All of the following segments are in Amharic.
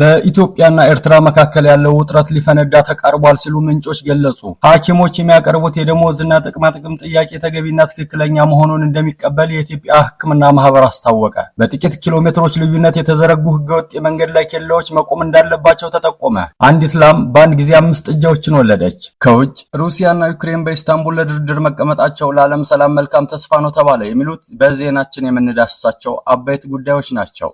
በኢትዮጵያና ኤርትራ መካከል ያለው ውጥረት ሊፈነዳ ተቃርቧል ሲሉ ምንጮች ገለጹ። ሐኪሞች የሚያቀርቡት የደሞዝና ጥቅማጥቅም ጥያቄ ተገቢና ትክክለኛ መሆኑን እንደሚቀበል የኢትዮጵያ ሕክምና ማህበር አስታወቀ። በጥቂት ኪሎ ሜትሮች ልዩነት የተዘረጉ ህገወጥ የመንገድ ላይ ኬላዎች መቆም እንዳለባቸው ተጠቆመ። አንዲት ላም በአንድ ጊዜ አምስት ጥጃዎችን ወለደች። ከውጭ ሩሲያና ዩክሬን በኢስታንቡል ለድርድር መቀመጣቸው ለዓለም ሰላም መልካም ተስፋ ነው ተባለ። የሚሉት በዜናችን የምንዳስሳቸው አበይት ጉዳዮች ናቸው።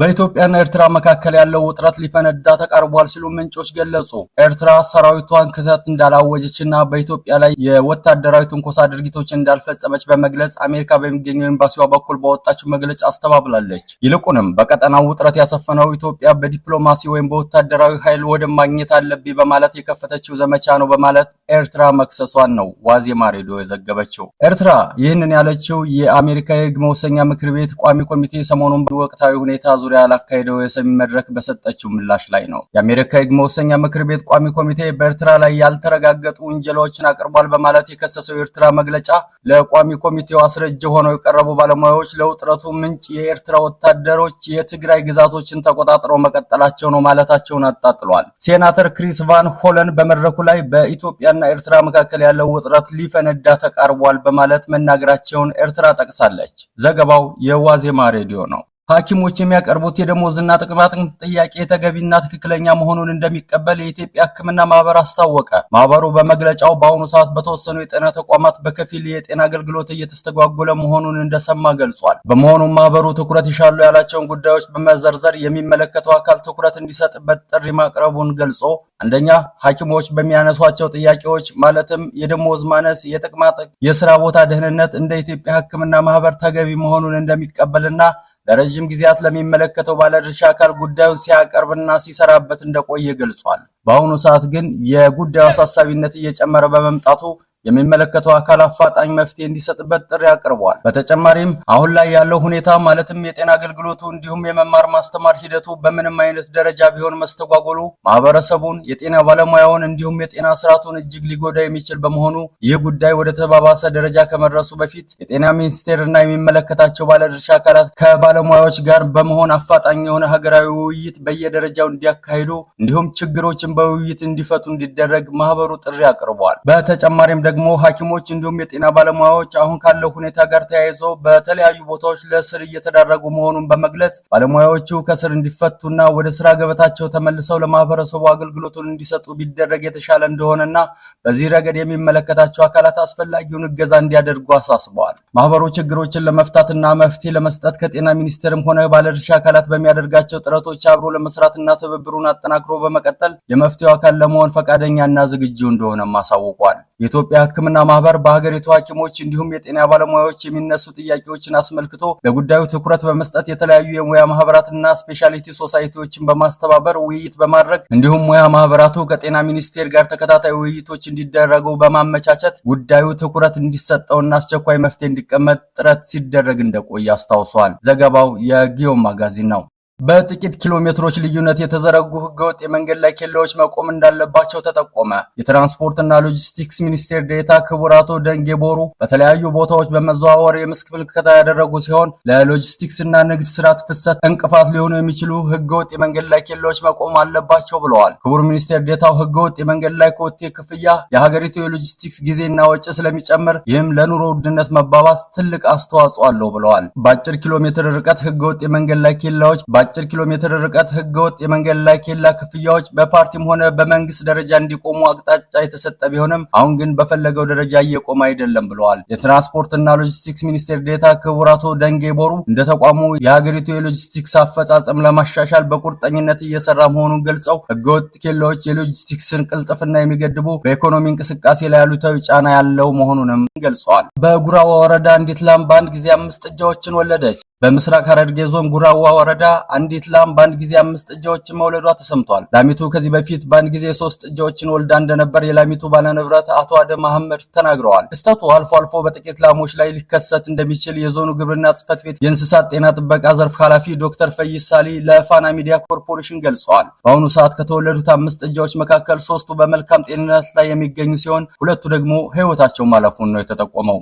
በኢትዮጵያና ኤርትራ መካከል ያለው ውጥረት ሊፈነዳ ተቃርቧል ሲሉ ምንጮች ገለጹ። ኤርትራ ሰራዊቷን ክተት እንዳላወጀችና በኢትዮጵያ ላይ የወታደራዊ ትንኮሳ ድርጊቶች እንዳልፈጸመች በመግለጽ አሜሪካ በሚገኘው ኤምባሲዋ በኩል በወጣችው መግለጫ አስተባብላለች። ይልቁንም በቀጠናው ውጥረት ያሰፈነው ኢትዮጵያ በዲፕሎማሲ ወይም በወታደራዊ ኃይል ወደ ማግኘት አለብኝ በማለት የከፈተችው ዘመቻ ነው በማለት ኤርትራ መክሰሷን ነው ዋዜማ ሬዲዮ የዘገበችው። ኤርትራ ይህንን ያለችው የአሜሪካ የህግ መወሰኛ ምክር ቤት ቋሚ ኮሚቴ ሰሞኑን ወቅታዊ ሁኔታ ዙሪያ ላካሄደው የሰሚ መድረክ በሰጠችው ምላሽ ላይ ነው። የአሜሪካ ህግ መወሰኛ ምክር ቤት ቋሚ ኮሚቴ በኤርትራ ላይ ያልተረጋገጡ ውንጀላዎችን አቅርቧል በማለት የከሰሰው የኤርትራ መግለጫ ለቋሚ ኮሚቴው አስረጅ ሆነው የቀረቡ ባለሙያዎች ለውጥረቱ ምንጭ የኤርትራ ወታደሮች የትግራይ ግዛቶችን ተቆጣጥረው መቀጠላቸው ነው ማለታቸውን አጣጥሏል። ሴናተር ክሪስ ቫን ሆለን በመድረኩ ላይ በኢትዮጵያና ኤርትራ መካከል ያለው ውጥረት ሊፈነዳ ተቃርቧል በማለት መናገራቸውን ኤርትራ ጠቅሳለች። ዘገባው የዋዜማ ሬዲዮ ነው። ሐኪሞች የሚያቀርቡት የደሞዝና ጥቅማጥቅም ጥያቄ ተገቢና ትክክለኛ መሆኑን እንደሚቀበል የኢትዮጵያ ሕክምና ማህበር አስታወቀ። ማህበሩ በመግለጫው በአሁኑ ሰዓት በተወሰኑ የጤና ተቋማት በከፊል የጤና አገልግሎት እየተስተጓጎለ መሆኑን እንደሰማ ገልጿል። በመሆኑም ማህበሩ ትኩረት ይሻሉ ያላቸውን ጉዳዮች በመዘርዘር የሚመለከተው አካል ትኩረት እንዲሰጥበት ጥሪ ማቅረቡን ገልጾ አንደኛ ሐኪሞች በሚያነሷቸው ጥያቄዎች ማለትም የደሞዝ ማነስ፣ የጥቅማጥቅም፣ የስራ ቦታ ደህንነት እንደ ኢትዮጵያ ሕክምና ማህበር ተገቢ መሆኑን እንደሚቀበልና ለረዥም ጊዜያት ለሚመለከተው ባለድርሻ አካል ጉዳዩን ሲያቀርብና ሲሰራበት እንደቆየ ገልጿል። በአሁኑ ሰዓት ግን የጉዳዩ አሳሳቢነት እየጨመረ በመምጣቱ የሚመለከተው አካል አፋጣኝ መፍትሄ እንዲሰጥበት ጥሪ አቅርቧል። በተጨማሪም አሁን ላይ ያለው ሁኔታ ማለትም የጤና አገልግሎቱ እንዲሁም የመማር ማስተማር ሂደቱ በምንም አይነት ደረጃ ቢሆን መስተጓጎሉ ማህበረሰቡን፣ የጤና ባለሙያውን እንዲሁም የጤና ስርዓቱን እጅግ ሊጎዳ የሚችል በመሆኑ ይህ ጉዳይ ወደ ተባባሰ ደረጃ ከመድረሱ በፊት የጤና ሚኒስቴር እና የሚመለከታቸው ባለድርሻ አካላት ከባለሙያዎች ጋር በመሆን አፋጣኝ የሆነ ሀገራዊ ውይይት በየደረጃው እንዲያካሂዱ እንዲሁም ችግሮችን በውይይት እንዲፈቱ እንዲደረግ ማህበሩ ጥሪ አቅርቧል። በተጨማሪም ደግሞ ደግሞ ሐኪሞች እንዲሁም የጤና ባለሙያዎች አሁን ካለው ሁኔታ ጋር ተያይዞ በተለያዩ ቦታዎች ለእስር እየተዳረጉ መሆኑን በመግለጽ ባለሙያዎቹ ከእስር እንዲፈቱና ወደ ስራ ገበታቸው ተመልሰው ለማህበረሰቡ አገልግሎቱን እንዲሰጡ ቢደረግ የተሻለ እንደሆነና በዚህ ረገድ የሚመለከታቸው አካላት አስፈላጊውን እገዛ እንዲያደርጉ አሳስበዋል። ማህበሩ ችግሮችን ለመፍታትና መፍትሄ ለመስጠት ከጤና ሚኒስቴርም ሆነ ባለድርሻ አካላት በሚያደርጋቸው ጥረቶች አብሮ ለመስራትና ትብብሩን አጠናክሮ በመቀጠል የመፍትሄው አካል ለመሆን ፈቃደኛና ዝግጁ እንደሆነም አሳውቋል። የኢትዮጵያ ሕክምና ማህበር በሀገሪቱ ሐኪሞች እንዲሁም የጤና ባለሙያዎች የሚነሱ ጥያቄዎችን አስመልክቶ ለጉዳዩ ትኩረት በመስጠት የተለያዩ የሙያ ማህበራትና ስፔሻሊቲ ሶሳይቲዎችን በማስተባበር ውይይት በማድረግ እንዲሁም ሙያ ማህበራቱ ከጤና ሚኒስቴር ጋር ተከታታይ ውይይቶች እንዲደረጉ በማመቻቸት ጉዳዩ ትኩረት እንዲሰጠውና አስቸኳይ መፍትሄ እንዲቀመጥ ጥረት ሲደረግ እንደቆየ አስታውሷል። ዘገባው የጊዮን ማጋዚን ነው። በጥቂት ኪሎ ሜትሮች ልዩነት የተዘረጉ ህገወጥ የመንገድ ላይ ኬላዎች መቆም እንዳለባቸው ተጠቆመ። የትራንስፖርትና ሎጂስቲክስ ሚኒስቴር ዴታ ክቡር አቶ ደንጌ ቦሩ በተለያዩ ቦታዎች በመዘዋወር የምስክ ምልከታ ያደረጉ ሲሆን ለሎጂስቲክስ እና ንግድ ስርዓት ፍሰት እንቅፋት ሊሆኑ የሚችሉ ህገወጥ የመንገድ ላይ ኬላዎች መቆም አለባቸው ብለዋል። ክቡር ሚኒስቴር ዴታው ህገወጥ የመንገድ ላይ ኮቴ ክፍያ የሀገሪቱ የሎጂስቲክስ ጊዜና ወጪ ስለሚጨምር ይህም ለኑሮ ውድነት መባባስ ትልቅ አስተዋጽኦ አለው ብለዋል። በአጭር ኪሎ ሜትር ርቀት ህገወጥ የመንገድ ላይ ኬላዎች የአጭር ኪሎ ሜትር ርቀት ህገወጥ የመንገድ ላይ ኬላ ክፍያዎች በፓርቲም ሆነ በመንግስት ደረጃ እንዲቆሙ አቅጣጫ የተሰጠ ቢሆንም አሁን ግን በፈለገው ደረጃ እየቆመ አይደለም ብለዋል። የትራንስፖርትና ሎጂስቲክስ ሚኒስቴር ዴታ ክቡር አቶ ደንጌ ቦሩ እንደ ተቋሙ የሀገሪቱ የሎጂስቲክስ አፈጻጸም ለማሻሻል በቁርጠኝነት እየሰራ መሆኑን ገልጸው ህገወጥ ኬላዎች የሎጂስቲክስን ቅልጥፍና የሚገድቡ በኢኮኖሚ እንቅስቃሴ ላይ አሉታዊ ጫና ያለው መሆኑንም ገልጸዋል። በጉራዋ ወረዳ አንዲት ላም በአንድ ጊዜ አምስት እጃዎችን ወለደች። በምስራቅ ሐረርጌ ዞን ጉራዋ ወረዳ አንዲት ላም በአንድ ጊዜ አምስት እጃዎችን መውለዷ ተሰምቷል። ላሚቱ ከዚህ በፊት በአንድ ጊዜ ሶስት እጃዎችን ወልዳ እንደነበር የላሚቱ ባለንብረት አቶ አደ መሐመድ ተናግረዋል። ክስተቱ አልፎ አልፎ በጥቂት ላሞች ላይ ሊከሰት እንደሚችል የዞኑ ግብርና ጽሕፈት ቤት የእንስሳት ጤና ጥበቃ ዘርፍ ኃላፊ ዶክተር ፈይስ ሳሊ ለፋና ሚዲያ ኮርፖሬሽን ገልጸዋል። በአሁኑ ሰዓት ከተወለዱት አምስት እጃዎች መካከል ሶስቱ በመልካም ጤንነት ላይ የሚገኙ ሲሆን ሁለቱ ደግሞ ሕይወታቸው ማለፉን ነው የተጠቆመው።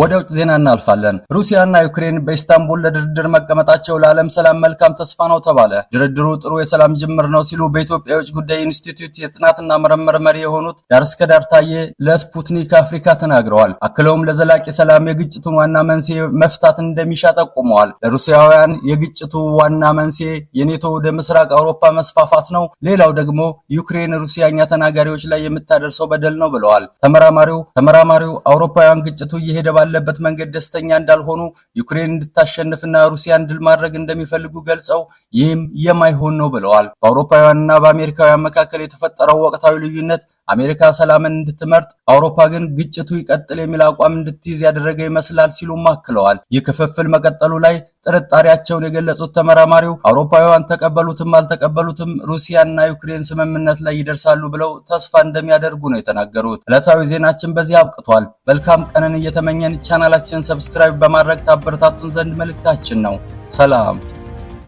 ወደ ውጭ ዜና እናልፋለን። ሩሲያና ዩክሬን በኢስታንቡል ለድርድር መቀመጣቸው ለዓለም ሰላም መልካም ተስፋ ነው ተባለ። ድርድሩ ጥሩ የሰላም ጅምር ነው ሲሉ በኢትዮጵያ የውጭ ጉዳይ ኢንስቲትዩት የጥናትና ምርምር መሪ የሆኑት ዳር እስከ ታዬ ለስፑትኒክ አፍሪካ ተናግረዋል። አክለውም ለዘላቂ ሰላም የግጭቱን ዋና መንስኤ መፍታት እንደሚሻ ጠቁመዋል። ለሩሲያውያን የግጭቱ ዋና መንስኤ የኔቶ ወደ ምስራቅ አውሮፓ መስፋፋት ነው፣ ሌላው ደግሞ ዩክሬን ሩሲያኛ ተናጋሪዎች ላይ የምታደርሰው በደል ነው ብለዋል። ተመራማሪው ተመራማሪው አውሮፓውያን ግጭቱ እየሄደ ባለ ባለበት መንገድ ደስተኛ እንዳልሆኑ፣ ዩክሬን እንድታሸንፍና ሩሲያን ድል ማድረግ እንደሚፈልጉ ገልጸው ይህም የማይሆን ነው ብለዋል። በአውሮፓውያንና በአሜሪካውያን መካከል የተፈጠረው ወቅታዊ ልዩነት አሜሪካ ሰላምን እንድትመርጥ አውሮፓ ግን ግጭቱ ይቀጥል የሚል አቋም እንድትይዝ ያደረገ ይመስላል ሲሉም አክለዋል። ይህ ክፍፍል መቀጠሉ ላይ ጥርጣሬያቸውን የገለጹት ተመራማሪው አውሮፓውያን ተቀበሉትም አልተቀበሉትም ሩሲያና ዩክሬን ስምምነት ላይ ይደርሳሉ ብለው ተስፋ እንደሚያደርጉ ነው የተናገሩት። ዕለታዊ ዜናችን በዚህ አብቅቷል። መልካም ቀንን እየተመኘን ቻናላችንን ሰብስክራይብ በማድረግ ታበረታቱን ዘንድ መልእክታችን ነው። ሰላም